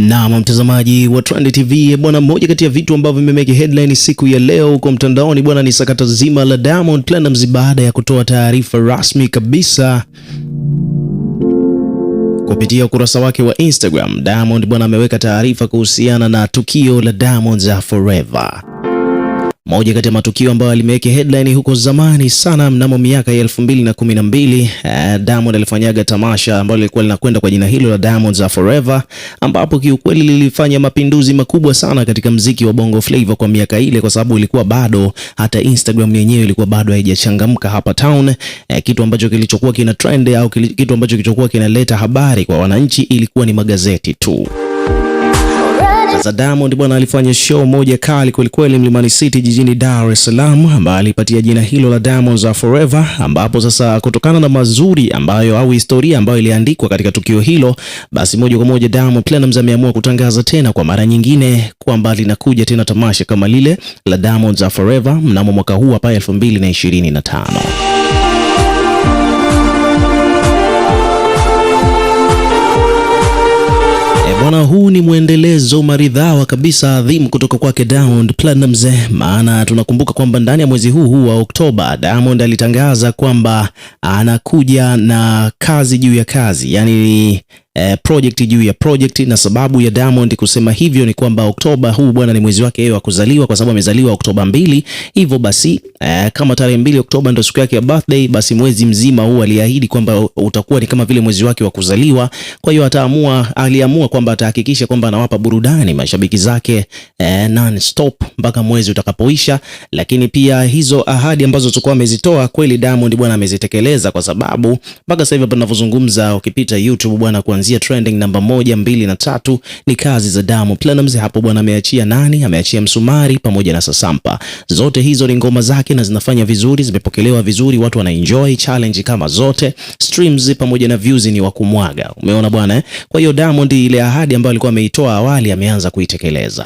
Naam, mtazamaji wa Trend TV eh, bwana, mmoja kati ya vitu ambavyo vimemeki headline siku ya leo huko mtandaoni bwana, ni sakata zima la Diamond Platinumz baada ya kutoa taarifa rasmi kabisa kupitia ukurasa wake wa Instagram. Diamond bwana ameweka taarifa kuhusiana na tukio la Diamonds Are Forever. Moja kati ya matukio ambayo alimeweka headline huko zamani sana, mnamo miaka ya 2012 eh, Diamond alifanyaga tamasha ambalo lilikuwa linakwenda kwa jina hilo la Diamonds Are Forever, ambapo kiukweli lilifanya mapinduzi makubwa sana katika mziki wa Bongo Flava kwa miaka ile, kwa sababu ilikuwa bado hata Instagram yenyewe ilikuwa bado haijachangamka hapa town. Eh, kitu ambacho kilichokuwa kina trend au kitu ambacho kilichokuwa kinaleta habari kwa wananchi ilikuwa ni magazeti tu. Sasa Diamond bwana alifanya show moja kali kwelikweli Mlimani City jijini Dar es Salaam, ambayo alipatia jina hilo la Diamonds Are Forever, ambapo sasa kutokana na mazuri ambayo au historia ambayo iliandikwa katika tukio hilo, basi moja kwa moja Diamond Platnumz ameamua kutangaza tena kwa mara nyingine kwamba linakuja tena tamasha kama lile la Diamonds Are Forever mnamo mwaka huu hapa 2025. Bwana, huu ni mwendelezo maridhawa kabisa adhimu kutoka kwake Diamond Platnumz, maana tunakumbuka kwamba ndani ya mwezi huu huu wa Oktoba Diamond alitangaza kwamba anakuja na kazi juu ya kazi, yani eh, project juu ya project, na sababu ya Diamond kusema hivyo ni kwamba Oktoba huu bwana ni mwezi wake yeye wa kuzaliwa, kwa sababu amezaliwa Oktoba mbili. Hivyo basi eh, kama tarehe mbili Oktoba ndio siku yake ya birthday, basi mwezi mzima huu aliahidi kwamba utakuwa ni kama vile mwezi wake wa kuzaliwa. Kwa hiyo ataamua, aliamua kwamba atahakikisha kwamba anawapa burudani mashabiki zake eh, non stop mpaka mwezi utakapoisha, lakini pia hizo ahadi ambazo tulikuwa amezitoa kweli Diamond bwana amezitekeleza, kwa sababu mpaka sasa hivi tunavozungumza, ukipita YouTube bwana kuanzia kuanzia trending namba moja, mbili na tatu ni kazi za Diamond Platnumz. Hapo bwana ameachia nani? Ameachia Msumari pamoja na Sasampa. Zote hizo ni ngoma zake na zinafanya vizuri, zimepokelewa vizuri, watu wanaenjoy challenge kama zote, streams pamoja na views ni wa kumwaga. Umeona bwana eh? Kwa hiyo Diamond ile ahadi ambayo alikuwa ameitoa awali ameanza kuitekeleza.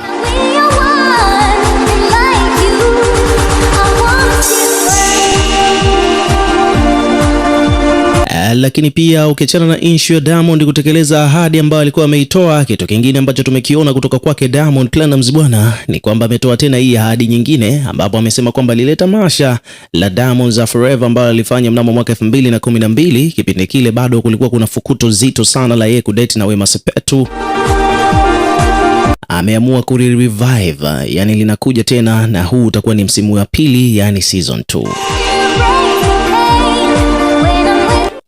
lakini pia ukiachana na issue ya Diamond kutekeleza ahadi ambayo alikuwa ameitoa, kitu kingine ambacho tumekiona kutoka kwake Diamond Platinumz bwana ni kwamba ametoa tena hii ahadi nyingine, ambapo amesema kwamba lileta masha la Diamonds Are Forever ambayo alifanya mnamo mwaka 2012 kipindi kile bado kulikuwa kuna fukuto zito sana la yeye kudate na Wema Sepetu ameamua kuri revive, yani linakuja tena na huu utakuwa ni msimu wa pili, yani season 2.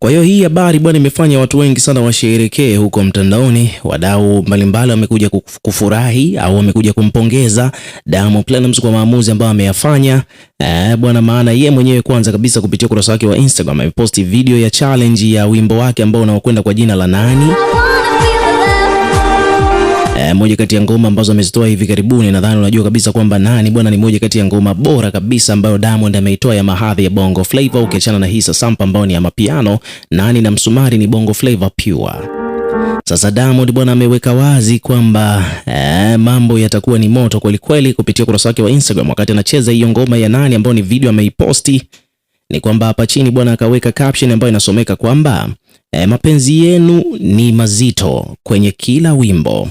Kwa hiyo hii habari bwana, imefanya watu wengi sana washerekee huko mtandaoni. Wadau mbalimbali wamekuja kufurahi au wamekuja kumpongeza Diamond Platnumz kwa maamuzi ambayo ameyafanya eh, bwana, maana ye mwenyewe kwanza kabisa kupitia ukurasa wake wa Instagram ameposti video ya challenge ya wimbo wake ambao unaokwenda kwa jina la nani eh, moja kati ya ngoma ambazo amezitoa hivi karibuni. Nadhani unajua kabisa kwamba nani bwana, ni moja kati ya ngoma bora kabisa ambayo Diamond ameitoa ya mahadhi ya Bongo Flava, ukiachana na hisa sampa ambayo ni ya mapiano, nani na msumari ni Bongo Flava pure. Sasa Diamond bwana ameweka wazi kwamba eh, mambo yatakuwa ni moto kweli kweli kupitia ukurasa wake wa Instagram wakati anacheza hiyo ngoma ya nani ambayo ni video ameiposti. Ni kwamba hapa chini bwana akaweka caption ambayo inasomeka kwamba eh, mapenzi yenu ni mazito kwenye kila wimbo,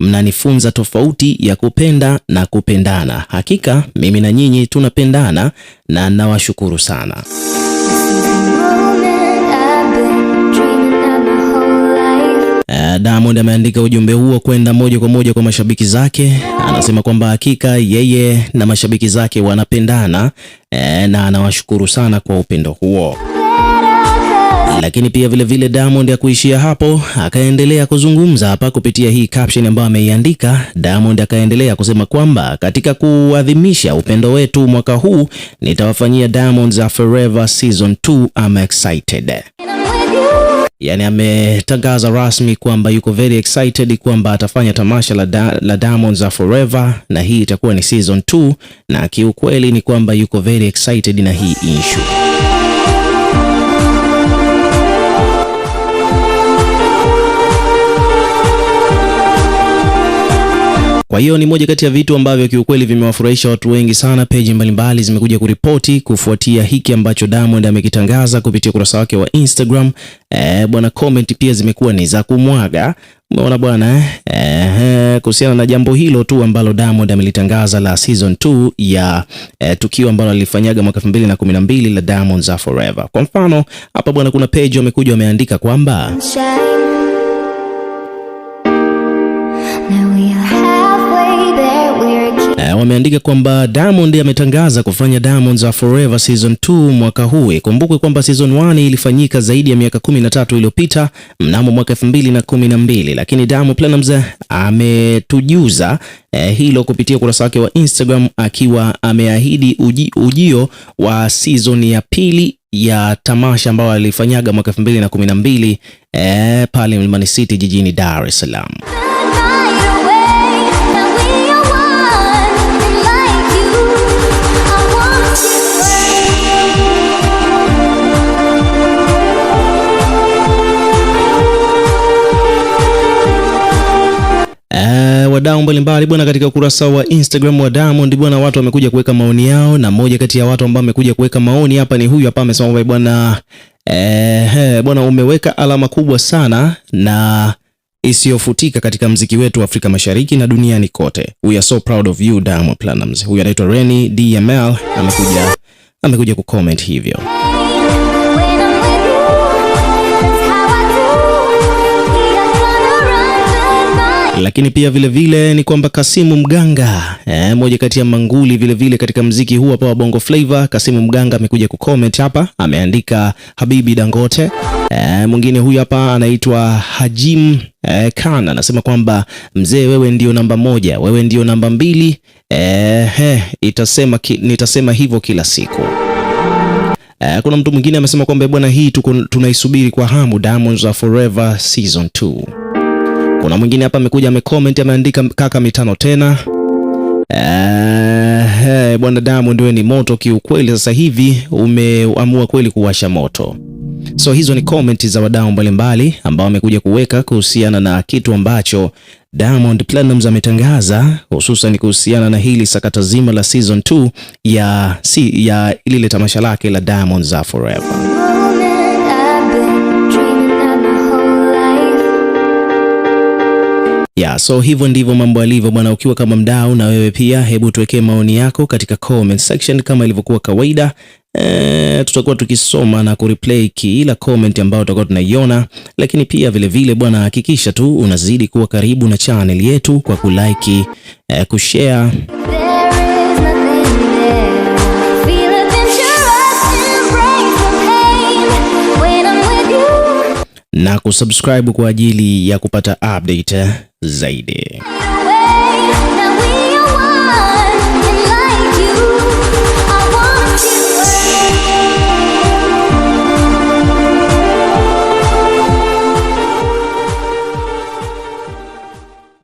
mnanifunza tofauti ya kupenda na kupendana. Hakika mimi na nyinyi tunapendana na nawashukuru sana. Eh, Diamond ameandika ujumbe huo kwenda moja kwa moja kwa mashabiki zake. Anasema kwamba hakika yeye na mashabiki zake wanapendana e, na anawashukuru sana kwa upendo huo. Lakini pia vile vile Diamond ya kuishia hapo, akaendelea kuzungumza hapa kupitia hii caption ambayo ameiandika. Diamond akaendelea kusema kwamba katika kuadhimisha upendo wetu mwaka huu nitawafanyia Diamonds a Forever season 2 I'm excited. Yani ametangaza rasmi kwamba yuko very excited kwamba atafanya tamasha la, da, la Diamonds are Forever na hii itakuwa ni season 2 na kiukweli ni kwamba yuko very excited na hii issue. hiyo ni moja kati ya vitu ambavyo kiukweli vimewafurahisha watu wengi sana. Peji mbalimbali zimekuja kuripoti kufuatia hiki ambacho Diamond amekitangaza kupitia ukurasa wake wa Instagram. Eh, bwana, comment pia zimekuwa ni za kumwaga. Umeona bwana eh, eh kuhusiana na jambo hilo tu ambalo Diamond amelitangaza la season 2 ya eh, tukio ambalo alifanyaga mwaka 2012 la Diamonds Are Forever. Kwa mfano hapa bwana, kuna page wamekuja wameandika kwamba wameandika kwamba Diamond ametangaza kufanya Diamonds Are Forever season 2 mwaka huu. Ikumbukwe kwamba season 1 ilifanyika zaidi ya miaka 13 iliyopita mnamo mwaka 2012, lakini Diamond Platnumz ametujuza eh, hilo kupitia ukurasa wake wa Instagram akiwa ameahidi uji, ujio wa season ya pili ya tamasha ambayo alifanyaga mwaka 2012 eh, pale Mlimani City jijini Dar es Salaam. wadau mbalimbali bwana, katika ukurasa wa Instagram wa Diamond bwana, watu wamekuja kuweka maoni yao, na moja kati ya watu ambao amekuja kuweka maoni hapa ni huyu hapa, amesema bwana eh, bwana umeweka alama kubwa sana na isiyofutika katika mziki wetu wa Afrika Mashariki na duniani kote. We are so proud of you Diamond Platnumz. Huyu anaitwa Reni DML amekuja amekuja kucomment hivyo. Lakini pia vile vile, ni kwamba Kasimu Mganga eh, moja kati ya manguli vile vile katika mziki huu hapa wa Bongo Flava. Kasimu Mganga amekuja ku comment hapa, ameandika Habibi Dangote. Eh, mwingine huyu hapa anaitwa Hajim eh, Khan anasema kwamba mzee, wewe ndio namba moja, wewe ndio namba mbili. eh, he, itasema, ki, nitasema hivyo kila siku. E, kuna mtu mwingine amesema kwamba bwana, hii tunaisubiri kwa hamu Diamonds Are Forever season 2. Kuna mwingine hapa amekuja amecomment ameandika kaka mitano tena. Eh, bwana Diamond wewe ni moto kiukweli, sasa hivi umeamua kweli kuwasha moto. So hizo ni comment za wadau mbalimbali ambao wamekuja kuweka kuhusiana na kitu ambacho Diamond Platinumz ametangaza, hususan kuhusiana na hili sakata zima la season 2 ya, si, ya lile tamasha lake la Diamonds Are Forever. Yeah, so hivyo ndivyo mambo alivyo bwana. Ukiwa kama mdau na wewe pia, hebu tuwekee maoni yako katika comment section kama ilivyokuwa kawaida. E, tutakuwa tukisoma na kureplay kila comment ambayo tutakuwa tunaiona, lakini pia vile vile bwana, hakikisha tu unazidi kuwa karibu na channel yetu kwa kulike, e, kushare na kusubscribe kwa ajili ya kupata update zaidi.